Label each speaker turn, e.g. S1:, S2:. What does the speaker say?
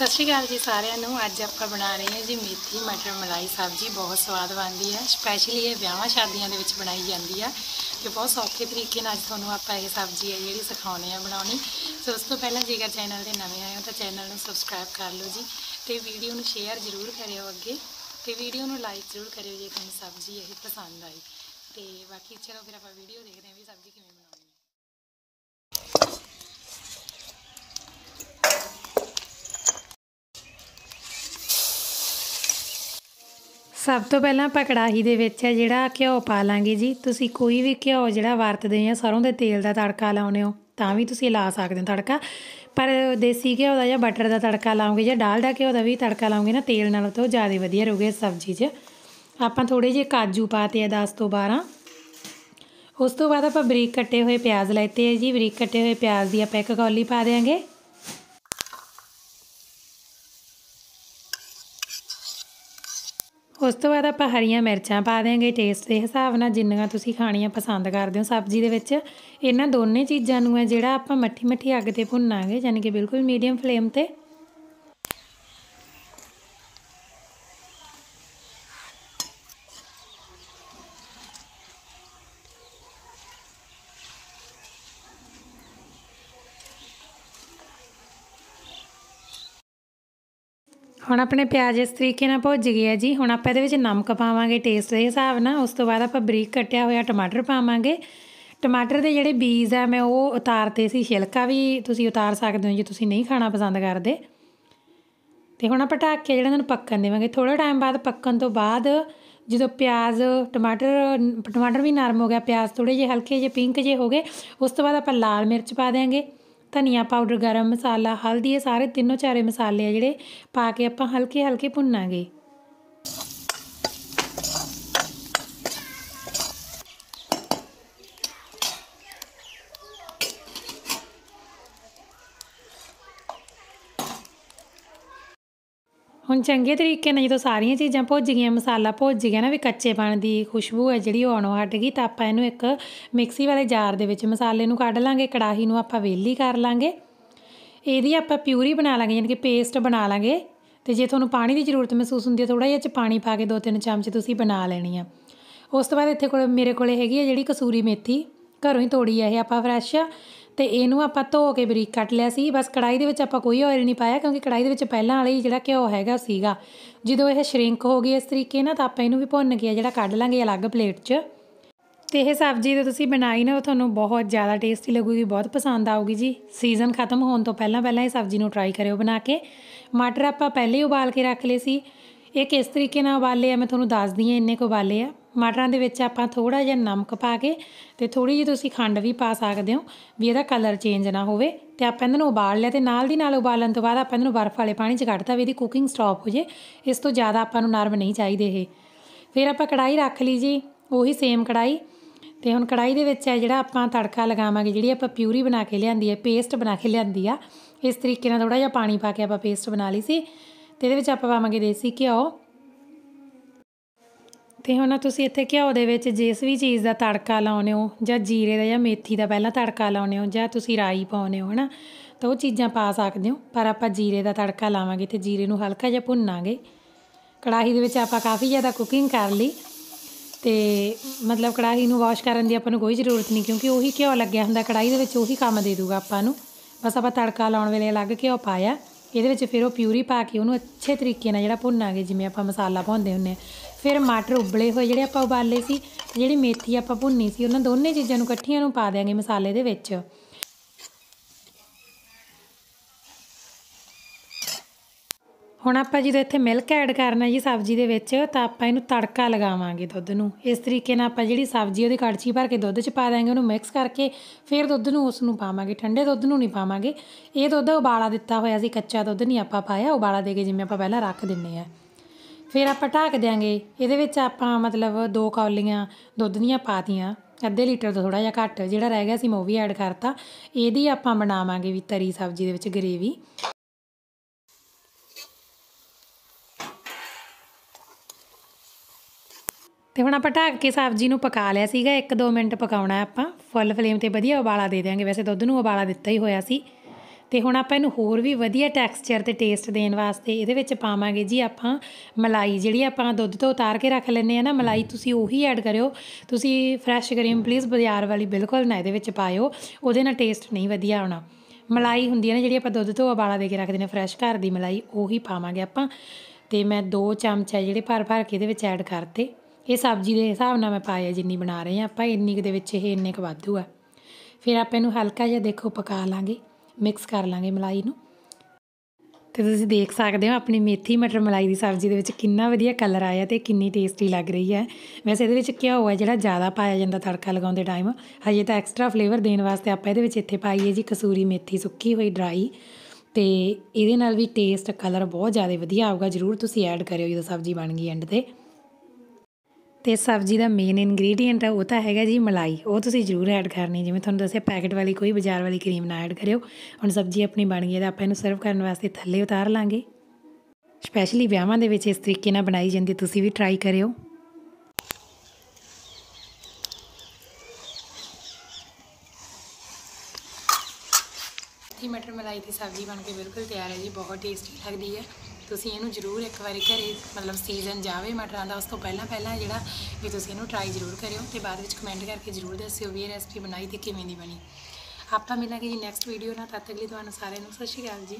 S1: ਸਤਿ ਸ਼੍ਰੀ ਅਕਾਲ ਜੀ ਸਾਰਿਆਂ ਨੂੰ ਅੱਜ ਆਪਾਂ ਬਣਾ ਰਹੇ ਹਾਂ ਜੀ ਮੇਥੀ ਮਟਰ ਮਲਾਈ ਸਬਜ਼ੀ ਬਹੁਤ ਸਵਾਦ ਬਣਦੀ ਹੈ ਸਪੈਸ਼ਲੀ ਇਹ ਵਿਆਹਾਂ ਸ਼ਾਦੀਆਂ ਦੇ ਵਿੱਚ ਬਣਾਈ ਜਾਂਦੀ ਆ ਤੇ ਬਹੁਤ ਸੌਖੇ ਤਰੀਕੇ ਨਾਲ ਅੱਜ ਤੁਹਾਨੂੰ ਆਪਾਂ ਇਹ ਸਬਜ਼ੀ ਹੈ ਜਿਹੜੀ ਸਿਖਾਉਣੇ ਆ ਬਣਾਉਣੀ ਸੋ ਉਸ ਤੋਂ ਪਹਿਲਾਂ ਜੇਕਰ ਚੈਨਲ ਤੇ ਨਵੇਂ ਆਏ ਹੋ ਤਾਂ ਚੈਨਲ ਨੂੰ ਸਬਸਕ੍ਰਾਈਬ ਕਰ ਲਓ ਜੀ ਤੇ ਵੀਡੀਓ ਨੂੰ ਸ਼ੇਅਰ ਜ਼ਰੂਰ ਕਰਿਓ ਅੱਗੇ ਤੇ ਵੀਡੀਓ ਨੂੰ ਲਾਈਕ ਜ਼ਰੂਰ ਕਰਿਓ ਜੇ ਤੁਹਾਨੂੰ ਸਬਜ਼ੀ ਇਹ ਪਸੰਦ ਆਈ ਤੇ ਬਾਕੀ ਚਲੋ ਫਿਰ ਆਪਾਂ ਵੀਡੀਓ ਦੇਖਦੇ ਹਾਂ ਵੀ ਸਬਜ਼ੀ ਕਿਵੇਂ ਹੈ ਸਭ ਤੋਂ ਪਹਿਲਾਂ ਆਪਾਂ ਕੜਾਹੀ ਦੇ ਵਿੱਚ ਹੈ ਜਿਹੜਾ ਘਿਓ ਪਾ ਲਾਂਗੇ ਜੀ ਤੁਸੀਂ ਕੋਈ ਵੀ ਘਿਓ ਜਿਹੜਾ ਵਰਤਦੇ ਆ ਸਰੋਂ ਦੇ ਤੇਲ ਦਾ ਤੜਕਾ ਲਾਉਨੇ ਹੋ ਤਾਂ ਵੀ ਤੁਸੀਂ ਲਾ ਸਕਦੇ ਹੋ ਤੜਕਾ ਪਰ ਦੇਸੀ ਘਿਓ ਦਾ ਜਾਂ ਬਟਰ ਦਾ ਤੜਕਾ ਲਾਉਂਗੇ ਜਾਂ ਦਾ ਘਿਓ ਦਾ ਵੀ ਤੜਕਾ ਲਾਉਂਗੇ ਨਾ ਤੇਲ ਨਾਲੋਂ ਤਾਂ ਉਹ ਜ਼ਿਆਦਾ ਵਧੀਆ ਰਹੂਗੇ ਸਬਜ਼ੀ 'ਚ ਆਪਾਂ ਥੋੜੇ ਜਿਹੇ ਕਾਜੂ ਪਾਤੇ ਆ 10 ਤੋਂ 12 ਉਸ ਤੋਂ ਬਾਅਦ ਆਪਾਂ ਬਰੀਕ ਕੱਟੇ ਹੋਏ ਪਿਆਜ਼ ਲੈਤੇ ਆ ਜੀ ਬਰੀਕ ਕੱਟੇ ਹੋਏ ਪਿਆਜ਼ ਦੀ ਆਪਾਂ ਇੱਕ ਕੌਲੀ ਪਾ ਦੇਾਂਗੇ ਉਸ ਤੋਂ ਬਾਅਦ ਆਪਾਂ ਹਰੀਆਂ ਮਿਰਚਾਂ ਪਾ ਦੇਾਂਗੇ ਟੇਸਟ ਦੇ ਹਿਸਾਬ ਨਾਲ ਜਿੰਨੀਆਂ ਤੁਸੀਂ ਖਾਣੀਆਂ ਪਸੰਦ ਕਰਦੇ ਹੋ ਸਬਜ਼ੀ ਦੇ ਵਿੱਚ ਇਹਨਾਂ ਦੋਨੇ ਚੀਜ਼ਾਂ ਨੂੰ ਹੈ ਜਿਹੜਾ ਆਪਾਂ ਮੱਠੀ ਮੱਠੀ ਅੱਗ ਤੇ ਭੁੰਨਾਂਗੇ ਯਾਨੀ ਕਿ ਬਿਲਕੁਲ ਮੀਡੀਅਮ ਫਲੇਮ ਤੇ ਹੁਣ ਆਪਣੇ ਪਿਆਜ਼ ਇਸ ਤਰੀਕੇ ਨਾਲ ਭੁੱਜ ਗਿਆ ਜੀ ਹੁਣ ਆਪਾਂ ਇਹਦੇ ਵਿੱਚ ਨਮਕ ਪਾਵਾਂਗੇ ਟੇਸਟ ਦੇ ਹਿਸਾਬ ਨਾਲ ਉਸ ਤੋਂ ਬਾਅਦ ਆਪਾਂ ਬਰੀਕ ਕੱਟਿਆ ਹੋਇਆ ਟਮਾਟਰ ਪਾਵਾਂਗੇ ਟਮਾਟਰ ਦੇ ਜਿਹੜੇ ਬੀਜ ਆ ਮੈਂ ਉਹ ਉਤਾਰਤੇ ਸੀ ਛਿਲਕਾ ਵੀ ਤੁਸੀਂ ਉਤਾਰ ਸਕਦੇ ਹੋ ਜੇ ਤੁਸੀਂ ਨਹੀਂ ਖਾਣਾ ਪਸੰਦ ਕਰਦੇ ਤੇ ਹੁਣ ਆਪਾਂ ਟਾਕ ਕੇ ਜਿਹੜਾ ਇਹਨਾਂ ਨੂੰ ਪੱਕਣ ਦੇਵਾਂਗੇ ਥੋੜਾ ਟਾਈਮ ਬਾਅਦ ਪੱਕਣ ਤੋਂ ਬਾਅਦ ਜਦੋਂ ਪਿਆਜ਼ ਟਮਾਟਰ ਟਮਾਟਰ ਵੀ ਨਰਮ ਹੋ ਗਿਆ ਪਿਆਜ਼ ਥੋੜੇ ਜਿਹੇ ਹਲਕੇ ਜਿਹੇ ਪਿੰਕ ਜਿਹੇ ਹੋ ਗਏ ਉਸ ਤੋਂ ਬਾਅਦ ਆਪਾਂ ਲਾਲ ਮਿਰਚ ਪਾ ਦੇਾਂਗੇ ਧਨੀਆ ਪਾਊਡਰ ਗਰਮ ਮਸਾਲਾ ਹਲਦੀ ਇਹ ਸਾਰੇ ਤਿੰਨੋਂ ਚਾਰੇ ਮਸਾਲੇ ਆ ਜਿਹੜੇ ਪਾ ਕੇ ਆਪਾਂ ਹਲਕੇ ਹਲਕੇ ਭੁੰਨਾਂਗੇ ਹੁਣ ਚੰਗੇ ਤਰੀਕੇ ਨਾਲ ਜਦੋਂ ਸਾਰੀਆਂ ਚੀਜ਼ਾਂ ਭੁੱਜ ਗਈਆਂ ਮਸਾਲਾ ਭੁੱਜ ਗਿਆ ਨਾ ਵੀ ਪਣ ਦੀ ਖੁਸ਼ਬੂ ਹੈ ਜਿਹੜੀ ਉਹ ਆਣੋ ਹਟ ਗਈ ਤਾਂ ਆਪਾਂ ਇਹਨੂੰ ਇੱਕ ਮਿਕਸੀ ਵਾਲੇ ਜਾਰ ਦੇ ਵਿੱਚ ਮਸਾਲੇ ਨੂੰ ਕੱਢ ਲਾਂਗੇ ਕੜਾਹੀ ਨੂੰ ਆਪਾਂ ਵੇਲੀ ਕਰ ਲਾਂਗੇ ਇਹਦੀ ਆਪਾਂ ਪਿਊਰੀ ਬਣਾ ਲਾਂਗੇ ਯਾਨੀ ਕਿ ਪੇਸਟ ਬਣਾ ਲਾਂਗੇ ਤੇ ਜੇ ਤੁਹਾਨੂੰ ਪਾਣੀ ਦੀ ਜ਼ਰੂਰਤ ਮਹਿਸੂਸ ਹੁੰਦੀ ਹੈ ਥੋੜਾ ਜਿਹਾ ਚ ਪਾਣੀ ਪਾ ਕੇ ਦੋ ਤਿੰਨ ਚਮਚ ਤੁਸੀਂ ਬਣਾ ਲੈਣੀ ਆ ਉਸ ਤੋਂ ਬਾਅਦ ਇੱਥੇ ਕੋਲ ਮੇਰੇ ਕੋਲੇ ਹੈਗੀ ਹੈ ਜਿਹੜੀ ਕਸੂਰੀ ਮੇਥੀ ਘਰੋਂ ਹੀ ਤੋੜੀ ਆ ਇਹ ਆਪਾਂ ਫਰੈਸ਼ ਤੇ ਇਹਨੂੰ ਆਪਾਂ ਧੋ ਕੇ ਬਰੀਕ ਕੱਟ ਲਿਆ ਸੀ ਬਸ ਕੜਾਈ ਦੇ ਵਿੱਚ ਆਪਾਂ ਕੋਈ ਆਇਲ ਨਹੀਂ ਪਾਇਆ ਕਿਉਂਕਿ ਕੜਾਈ ਦੇ ਵਿੱਚ ਪਹਿਲਾਂ ਵਾਲਾ ਹੀ ਜਿਹੜਾ ਘਿਓ ਹੈਗਾ ਸੀਗਾ ਜਦੋਂ ਇਹ ਸ਼੍ਰਿੰਕ ਹੋ ਗਈ ਇਸ ਤਰੀਕੇ ਨਾਲ ਤਾਂ ਆਪਾਂ ਇਹਨੂੰ ਵੀ ਭੁੰਨ ਕੇ ਜਿਹੜਾ ਕੱਢ ਲਾਂਗੇ ਅਲੱਗ ਪਲੇਟ 'ਚ ਤੇ ਇਹ ਸਬਜ਼ੀ ਜੇ ਤੁਸੀਂ ਬਣਾਈ ਨਾ ਉਹ ਤੁਹਾਨੂੰ ਬਹੁਤ ਜ਼ਿਆਦਾ ਟੇਸਟੀ ਲੱਗੂਗੀ ਬਹੁਤ ਪਸੰਦ ਆਊਗੀ ਜੀ ਸੀਜ਼ਨ ਖਤਮ ਹੋਣ ਤੋਂ ਪਹਿਲਾਂ ਪਹਿਲਾਂ ਇਹ ਸਬਜ਼ੀ ਨੂੰ ਟਰਾਈ ਕਰਿਓ ਬਣਾ ਕੇ ਮਟਰ ਆਪਾਂ ਪਹਿਲੇ ਉਬਾਲ ਕੇ ਰੱਖ ਲਏ ਸੀ ਇਹ ਕਿਸ ਤਰੀਕੇ ਨਾਲ ਉਬਾਲੇ ਆ ਮੈਂ ਤੁਹਾਨੂੰ ਦੱਸਦੀ ਆ ਇੰਨੇ ਕੁ ਉਬਾਲੇ ਆ ਮਟਰਾਂ ਦੇ ਵਿੱਚ ਆਪਾਂ ਥੋੜਾ ਜਿਹਾ ਨਮਕ ਪਾ ਕੇ ਤੇ ਥੋੜੀ ਜਿਹੀ ਤੁਸੀਂ ਖੰਡ ਵੀ ਪਾ ਸਕਦੇ ਹੋ ਵੀ ਇਹਦਾ ਕਲਰ ਚੇਂਜ ਨਾ ਹੋਵੇ ਤੇ ਆਪਾਂ ਇਹਨਾਂ ਨੂੰ ਉਬਾਲ ਲਿਆ ਤੇ ਨਾਲ ਦੀ ਨਾਲ ਉਬਾਲਣ ਤੋਂ ਬਾਅਦ ਆਪਾਂ ਇਹਨਾਂ ਨੂੰ ਬਰਫ਼ ਵਾਲੇ ਪਾਣੀ 'ਚ ਘੱਟਦਾ ਵੀ ਇਹਦੀ ਕੁਕਿੰਗ ਸਟਾਪ ਹੋ ਜੇ ਇਸ ਤੋਂ ਜ਼ਿਆਦਾ ਆਪਾਂ ਨੂੰ ਨਰਮ ਨਹੀਂ ਚਾਹੀਦੇ ਇਹ ਫਿਰ ਆਪਾਂ ਕੜਾਈ ਰੱਖ ਲਈ ਜੀ ਉਹੀ ਸੇਮ ਕੜਾਈ ਤੇ ਹੁਣ ਕੜਾਈ ਦੇ ਵਿੱਚ ਹੈ ਜਿਹੜਾ ਆਪਾਂ ਤੜਕਾ ਲਗਾਵਾਂਗੇ ਜਿਹੜੀ ਆਪਾਂ ਪਿਊਰੀ ਬਣਾ ਕੇ ਲਿਆਂਦੀ ਹੈ ਪੇਸਟ ਬਣਾ ਕੇ ਲਿਆਂਦੀ ਆ ਇਸ ਤਰੀਕੇ ਨਾਲ ਥੋੜਾ ਜਿਹਾ ਪਾਣੀ ਪਾ ਕੇ ਆਪਾਂ ਪੇਸਟ ਬਣਾ ਲਈ ਸੀ ਤੇ ਇਹਦੇ ਵਿੱਚ ਆਪਾਂ ਪਾਵਾਂਗੇ ਦੇਸੀ ਘਿਓ ਤੇ ਹੁਣ ਤੁਸੀਂ ਇੱਥੇ ਘਿਓ ਦੇ ਵਿੱਚ ਜਿਸ ਵੀ ਚੀਜ਼ ਦਾ ਤੜਕਾ ਲਾਉਨੇ ਹੋ ਜਾਂ ਜੀਰੇ ਦਾ ਜਾਂ ਮੇਥੀ ਦਾ ਪਹਿਲਾਂ ਤੜਕਾ ਲਾਉਨੇ ਹੋ ਜਾਂ ਤੁਸੀਂ ਰਾਈ ਪਾਉਨੇ ਹੋ ਹਨਾ ਤਾਂ ਉਹ ਚੀਜ਼ਾਂ ਪਾ ਸਕਦੇ ਹੋ ਪਰ ਆਪਾਂ ਜੀਰੇ ਦਾ ਤੜਕਾ ਲਾਵਾਂਗੇ ਤੇ ਜੀਰੇ ਨੂੰ ਹਲਕਾ ਜਿਹਾ ਭੁੰਨਾਂਗੇ ਕੜਾਹੀ ਦੇ ਵਿੱਚ ਆਪਾਂ ਕਾਫੀ ਜ਼ਿਆਦਾ ਕੁਕਿੰਗ ਕਰ ਲਈ ਤੇ ਮਤਲਬ ਕੜਾਹੀ ਨੂੰ ਵਾਸ਼ ਕਰਨ ਦੀ ਆਪਾਂ ਨੂੰ ਕੋਈ ਜ਼ਰੂਰਤ ਨਹੀਂ ਕਿਉਂਕਿ ਉਹੀ ਘਿਓ ਲੱਗਿਆ ਹੁੰਦਾ ਕੜਾਹੀ ਦੇ ਵਿੱਚ ਉਹੀ ਕੰਮ ਦੇ ਦੂਗਾ ਆਪਾਂ ਨੂੰ ਬਸ ਆਪਾਂ ਤੜਕਾ ਲਾਉਣ ਵੇਲੇ ਅਲੱਗ ਘਿਓ ਪਾਇਆ ਇਹਦੇ ਵਿੱਚ ਫਿਰ ਉਹ ਪਿਊਰੀ ਪਾ ਕੇ ਉਹਨੂੰ ਅੱਛੇ ਤਰੀਕੇ ਨਾਲ ਜਿਹੜਾ ਭੁੰਨਾਂਗੇ ਜਿਵੇਂ ਆਪਾਂ ਮਸਾਲਾ ਭੁੰਨਦੇ ਹੁੰਨੇ ਆ ਫਿਰ ਮਟਰ ਉਬਲੇ ਹੋਏ ਜਿਹੜੇ ਆਪਾਂ ਉਬਾਲੇ ਸੀ ਜਿਹੜੀ ਮੇਥੀ ਆਪਾਂ ਭੁੰਨੀ ਸੀ ਉਹਨਾਂ ਦੋਨੇ ਚੀਜ਼ਾਂ ਨੂੰ ਇਕੱਠੀਆਂ ਨੂੰ ਪਾ ਦੇਵਾਂਗੇ ਮਸਾਲੇ ਦੇ ਵਿੱਚ ਹੁਣ ਆਪਾਂ ਜਦੋਂ ਇੱਥੇ ਮਿਲਕ ਐਡ ਕਰਨਾ ਜੀ ਸਬਜ਼ੀ ਦੇ ਵਿੱਚ ਤਾਂ ਆਪਾਂ ਇਹਨੂੰ ਤੜਕਾ ਲਗਾਵਾਂਗੇ ਦੁੱਧ ਨੂੰ ਇਸ ਤਰੀਕੇ ਨਾਲ ਆਪਾਂ ਜਿਹੜੀ ਸਬਜ਼ੀ ਉਹਦੀ ਕੜਛੀ ਭਰ ਕੇ ਦੁੱਧ 'ਚ ਪਾ ਦਾਂਗੇ ਉਹਨੂੰ ਮਿਕਸ ਕਰਕੇ ਫਿਰ ਦੁੱਧ ਨੂੰ ਉਸ ਨੂੰ ਪਾਵਾਂਗੇ ਠੰਡੇ ਦੁੱਧ ਨੂੰ ਨਹੀਂ ਪਾਵਾਂਗੇ ਇਹ ਦੁੱਧ ਉਬਾਲਾ ਦਿੱਤਾ ਹੋਇਆ ਸੀ ਕੱਚਾ ਦੁੱਧ ਨਹੀਂ ਆਪਾਂ ਪਾਇਆ ਉਬਾਲਾ ਦੇ ਕੇ ਜਿਵੇਂ ਆਪਾਂ ਪਹਿਲਾਂ ਰੱਖ ਦਿੰਨੇ ਆ ਫਿਰ ਆਪਾਂ ਢੱਕ ਦਿਆਂਗੇ ਇਹਦੇ ਵਿੱਚ ਆਪਾਂ ਮਤਲਬ 2 ਕੌਲੀਆਂ ਦੁੱਧ ਦੀਆਂ ਪਾਤੀਆਂ ਅੱਧੇ ਲੀਟਰ ਤੋਂ ਥੋੜਾ ਜਿਹਾ ਘੱਟ ਜਿਹੜਾ ਰਹਿ ਗਿਆ ਸੀ ਮੈਂ ਉਹ ਵੀ ਐਡ ਕਰਤਾ ਇਹਦੀ ਆਪਾਂ ਬਣਾਵਾਂਗੇ ਵੀ ਤਰੀ ਸਬਜ਼ੀ ਦੇ ਵਿੱਚ ਗਰੇਵੀ ਤੇ ਹੁਣ ਆਪਾਂ ਢੱਕ ਕੇ ਸਬਜ਼ੀ ਨੂੰ ਪਕਾ ਲਿਆ ਸੀਗਾ 1-2 ਮਿੰਟ ਪਕਾਉਣਾ ਆਪਾਂ ਫੁੱਲ ਫਲੇਮ ਤੇ ਵਧੀਆ ਉਬਾਲਾ ਦੇ ਦੇਾਂਗੇ ਵੈਸੇ ਦੁੱਧ ਨੂੰ ਉਬਾਲਾ ਦਿੱਤਾ ਹੀ ਹੋਇਆ ਸੀ ਤੇ ਹੁਣ ਆਪਾਂ ਇਹਨੂੰ ਹੋਰ ਵੀ ਵਧੀਆ ਟੈਕਸਚਰ ਤੇ ਟੇਸਟ ਦੇਣ ਵਾਸਤੇ ਇਹਦੇ ਵਿੱਚ ਪਾਵਾਂਗੇ ਜੀ ਆਪਾਂ ਮਲਾਈ ਜਿਹੜੀ ਆਪਾਂ ਦੁੱਧ ਤੋਂ ਉਤਾਰ ਕੇ ਰੱਖ ਲੈਨੇ ਆ ਨਾ ਮਲਾਈ ਤੁਸੀਂ ਉਹੀ ਐਡ ਕਰਿਓ ਤੁਸੀਂ ਫਰੈਸ਼ ਕਰੀਮ ਪਲੀਜ਼ ਬਾਜ਼ਾਰ ਵਾਲੀ ਬਿਲਕੁਲ ਨਾ ਇਹਦੇ ਵਿੱਚ ਪਾਇਓ ਉਹਦੇ ਨਾਲ ਟੇਸਟ ਨਹੀਂ ਵਧੀਆ ਆਉਣਾ ਮਲਾਈ ਹੁੰਦੀ ਹੈ ਨਾ ਜਿਹੜੀ ਆਪਾਂ ਦੁੱਧ ਤੋਂ ਉਬਾਲਾ ਦੇ ਕੇ ਰੱਖਦੇ ਨੇ ਫਰੈਸ਼ ਘਰ ਦੀ ਮਲਾਈ ਉਹੀ ਪਾਵਾਂਗੇ ਆਪਾਂ ਤੇ ਮੈਂ 2 ਚਮਚਾ ਜਿਹੜੇ ਭਰ ਭਰ ਕੇ ਇਹਦੇ ਵਿੱਚ ਐਡ ਕਰਤੇ ਇਹ ਸਬਜ਼ੀ ਦੇ ਹਿਸਾਬ ਨਾਲ ਮੈਂ ਪਾਇਆ ਜਿੰਨੀ ਬਣਾ ਰਹੇ ਆ ਆਪਾਂ ਇੰਨੀ ਕੁ ਦੇ ਵਿੱਚ ਇਹ ਇੰਨੇ ਕੁ ਵਾਧੂ ਆ ਫਿਰ ਆਪਾਂ ਇਹਨੂੰ ਹਲਕਾ ਜਿਹਾ ਦੇਖੋ ਪਕਾ ਲਾਂਗੇ ਮਿਕਸ ਕਰ ਲਾਂਗੇ ਮਲਾਈ ਨੂੰ ਤੇ ਤੁਸੀਂ ਦੇਖ ਸਕਦੇ ਹੋ ਆਪਣੀ ਮੇਥੀ ਮਟਰ ਮਲਾਈ ਦੀ ਸਬਜ਼ੀ ਦੇ ਵਿੱਚ ਕਿੰਨਾ ਵਧੀਆ ਕਲਰ ਆਇਆ ਤੇ ਕਿੰਨੀ ਟੇਸਟੀ ਲੱਗ ਰਹੀ ਹੈ ਵੈਸੇ ਇਹਦੇ ਵਿੱਚ ਕਿਹਾ ਹੈ ਜਿਹੜਾ ਜ਼ਿਆਦਾ ਪਾਇਆ ਜਾਂਦਾ ਤੜਕਾ ਲਗਾਉਂਦੇ ਟਾਈਮ ਹਜੇ ਤਾਂ ਐਕਸਟਰਾ ਫਲੇਵਰ ਦੇਣ ਵਾਸਤੇ ਆਪਾਂ ਇਹਦੇ ਵਿੱਚ ਇੱਥੇ ਪਾਈ ਹੈ ਜੀ ਕਸੂਰੀ ਮੇਥੀ ਸੁੱਕੀ ਹੋਈ ਡਰਾਈ ਤੇ ਇਹਦੇ ਨਾਲ ਵੀ ਟੇਸਟ ਕਲਰ ਬਹੁਤ ਜ਼ਿਆਦਾ ਵਧੀਆ ਆਊਗਾ ਜਰੂਰ ਤੁਸੀਂ ਐਡ ਕਰਿਓ ਜਦੋਂ ਸਬਜ਼ੀ ਬਣ ਗਈ ਐਂਡ ਤੇ ਤੇ ਸਬਜ਼ੀ ਦਾ ਮੇਨ ਇਨਗਰੀਡੀਅੰਟ ਆ ਉਹ ਤਾਂ ਹੈਗਾ ਜੀ ਮਲਾਈ ਉਹ ਤੁਸੀਂ ਜ਼ਰੂਰ ਐਡ ਕਰਨੀ ਜਿਵੇਂ ਤੁਹਾਨੂੰ ਦੱਸਿਆ ਪੈਕਟ ਵਾਲੀ ਕੋਈ ਬਾਜ਼ਾਰ ਵਾਲੀ ਕਰੀਮ ਨਾ ਐਡ ਕਰਿਓ ਹੁਣ ਸਬਜ਼ੀ ਆਪਣੀ ਬਣ ਗਈ ਹੈ ਤਾਂ ਆਪਾਂ ਇਹਨੂੰ ਸਰਵ ਕਰਨ ਵਾਸਤੇ ਥੱਲੇ ਉਤਾਰ ਲਾਂਗੇ ਸਪੈਸ਼ਲੀ ਵਿਆਹਾਂ ਦੇ ਵਿੱਚ ਇਸ ਤਰੀਕੇ ਨਾਲ ਬਣਾਈ ਜਾਂਦੀ ਤੁਸੀਂ ਵੀ ਟਰਾਈ ਕਰਿਓ ਮੇਥੀ ਮਟਰ ਮਲਾਈ ਦੀ ਸਬਜ਼ੀ ਬਣ ਕੇ ਬਿਲਕੁਲ ਤਿਆਰ ਹੈ ਜੀ ਬਹੁਤ ਟੇਸਟੀ ਲੱਗਦੀ ਹੈ ਤੁਸੀਂ ਇਹਨੂੰ ਜ਼ਰੂਰ ਇੱਕ ਵਾਰੀ ਘਰੇ ਮਤਲਬ ਸੀਜ਼ਨ ਜਾਵੇ ਮਟਰਾਂ ਦਾ ਉਸ ਤੋਂ ਪਹਿਲਾਂ ਪਹਿਲਾਂ ਜਿਹੜਾ ਵੀ ਤੁਸੀਂ ਇਹਨੂੰ ਟਰਾਈ ਜ਼ਰੂਰ ਕਰਿਓ ਤੇ ਬਾਅਦ ਵਿੱਚ ਕਮੈਂਟ ਕਰਕੇ ਜ਼ਰੂਰ ਦੱਸਿਓ ਵੀ ਇਹ ਰੈਸਪੀ ਬਣਾਈ ਤੇ ਕਿਵੇਂ ਦੀ ਬਣੀ ਆਪਾਂ ਮਿਲਾਂਗੇ ਜੀ ਨੈਕਸਟ ਵੀਡੀਓ ਨਾਲ ਤਦ ਤੱਕ ਲਈ ਤੁਹਾਨੂੰ ਸਾਰਿਆਂ ਨੂੰ ਸਤਿ ਸ਼੍ਰੀ ਅਕਾਲ ਜੀ